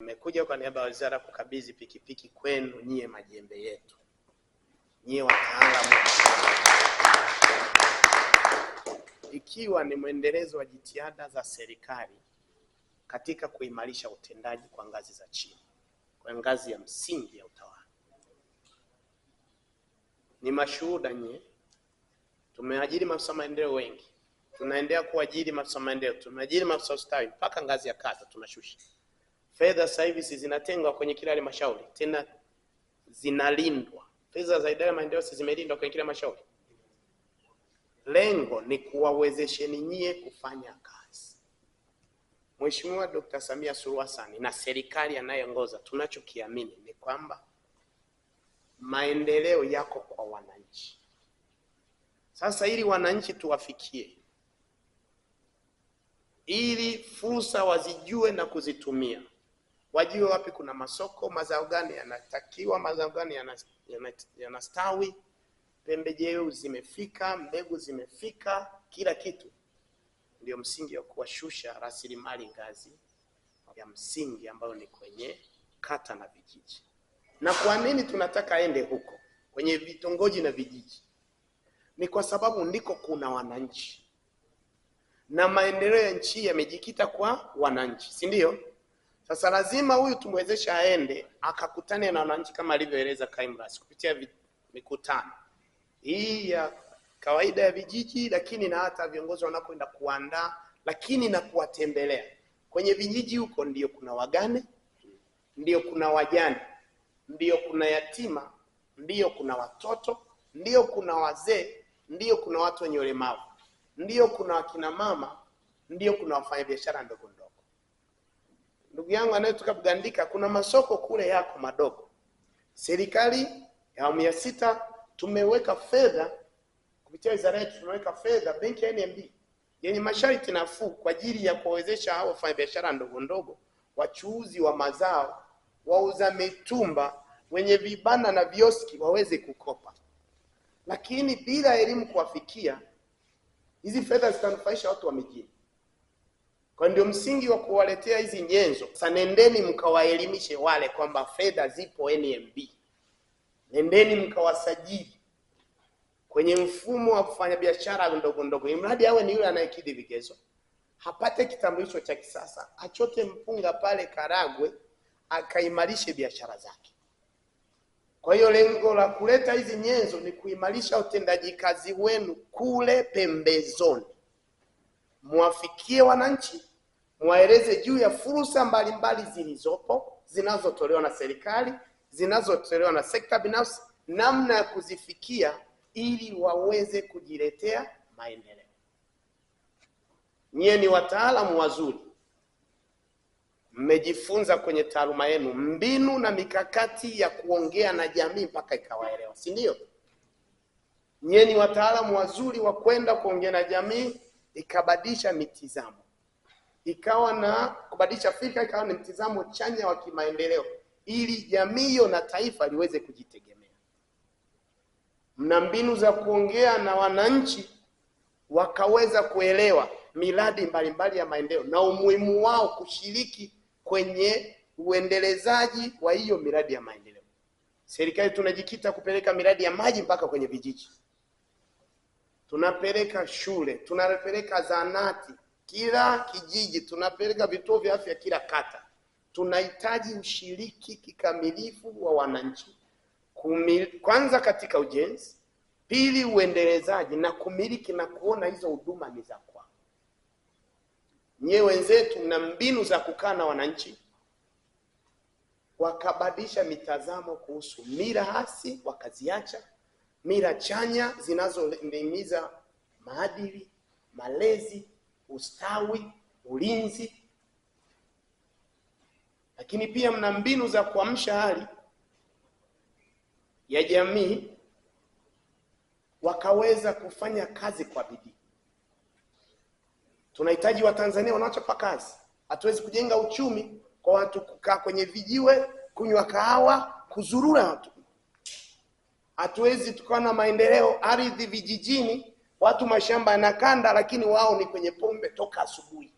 Mmekuja kwa niaba ya wizara kukabidhi pikipiki kwenu nyie majembe yetu, nyie wataalamu, ikiwa ni mwendelezo wa jitihada za serikali katika kuimarisha utendaji kwa ngazi za chini, kwa ngazi ya msingi ya utawala. Ni mashuhuda nyie, tumeajiri maafisa maendeleo wengi, tunaendelea kuajiri maafisa maendeleo, tumeajiri maafisa ustawi mpaka ngazi ya kata tunashusha. Fedha sasa hivi zinatengwa kwenye kila halmashauri, tena zinalindwa. Fedha za idara ya maendeleo zimelindwa kwenye kila halmashauri. Lengo ni kuwawezesheni nyie kufanya kazi. Mheshimiwa Dkt. Samia Suluhu Hassan na serikali anayeongoza, tunachokiamini ni kwamba maendeleo yako kwa wananchi. Sasa ili wananchi tuwafikie, ili fursa wazijue na kuzitumia wajue wapi kuna masoko, mazao gani yanatakiwa, mazao gani yanastawi, yana, pembejeo zimefika, mbegu zimefika, kila kitu. Ndio msingi wa kuwashusha rasilimali ngazi ya msingi ambayo ni kwenye kata na vijiji. Na kwa nini tunataka aende huko kwenye vitongoji na vijiji? Ni kwa sababu ndiko kuna wananchi na maendeleo ya nchi yamejikita kwa wananchi, si ndio? Sasa lazima huyu tumwezeshe aende akakutane na wananchi kama alivyoeleza Kaimras kupitia mikutano hii ya kawaida ya vijiji, lakini na hata viongozi wanapoenda kuandaa, lakini na kuwatembelea kwenye vijiji huko. Ndio kuna wagane, ndio kuna wajane, ndio kuna yatima, ndio kuna watoto, ndio kuna wazee, ndio kuna watu wenye ulemavu, ndio kuna wakina mama, ndio kuna wafanyabiashara ndogo ndugu yangu anayetoka Bugandika, kuna masoko kule yako madogo. Serikali ya awamu ya sita tumeweka fedha kupitia wizara yetu, tumeweka fedha benki ya NMB yenye masharti nafuu kwa ajili ya kuwawezesha hao wafanyabiashara ndogo ndogo, wachuuzi wa mazao, wauza mitumba, wenye vibanda na vioski waweze kukopa, lakini bila elimu kuwafikia, hizi fedha zitanufaisha watu wa mijini. Kwa ndio msingi wa kuwaletea hizi nyenzo. Sasa nendeni mkawaelimishe wale kwamba fedha zipo NMB, nendeni mkawasajili kwenye mfumo wa kufanya biashara ndogo ndogo, imradi awe ni yule anayekidhi vigezo, hapate kitambulisho cha kisasa, achote mpunga pale Karagwe, akaimarishe biashara zake. Kwa hiyo lengo la kuleta hizi nyenzo ni kuimarisha utendaji kazi wenu kule pembezoni, mwafikie wananchi mwaeleze juu ya fursa mbalimbali zilizopo zinazotolewa na serikali, zinazotolewa na sekta binafsi, namna ya kuzifikia ili waweze kujiletea maendeleo. Nyie ni wataalamu wazuri, mmejifunza kwenye taaluma yenu mbinu na mikakati ya kuongea na jamii mpaka ikawaelewa, si ndio? Nyie ni wataalamu wazuri wa kwenda kuongea na jamii ikabadilisha mitizamo ikawa na kubadilisha fikra, ikawa ni mtizamo chanya wa kimaendeleo, ili jamii hiyo na taifa liweze kujitegemea. Mna mbinu za kuongea na wananchi wakaweza kuelewa miradi mbalimbali ya maendeleo na umuhimu wao kushiriki kwenye uendelezaji wa hiyo miradi ya maendeleo. Serikali tunajikita kupeleka miradi ya maji mpaka kwenye vijiji, tunapeleka shule, tunapeleka zahanati kila kijiji, tunapeleka vituo vya afya kila kata. Tunahitaji ushiriki kikamilifu wa wananchi Kumil, kwanza katika ujenzi, pili uendelezaji na kumiliki na kuona hizo huduma ni za kwao. Nyewe wenzetu na mbinu za kukaa na wananchi wakabadilisha mitazamo kuhusu mira hasi, wakaziacha mira chanya zinazolimiza maadili, malezi ustawi, ulinzi, lakini pia mna mbinu za kuamsha hali ya jamii wakaweza kufanya kazi kwa bidii. Tunahitaji Watanzania wanaochapa kazi. Hatuwezi kujenga uchumi kwa watu kukaa kwenye vijiwe, kunywa kahawa, kuzurura watu. Hatuwezi tukawa na maendeleo ardhi vijijini watu mashamba yanakanda, lakini wao ni kwenye pombe toka asubuhi.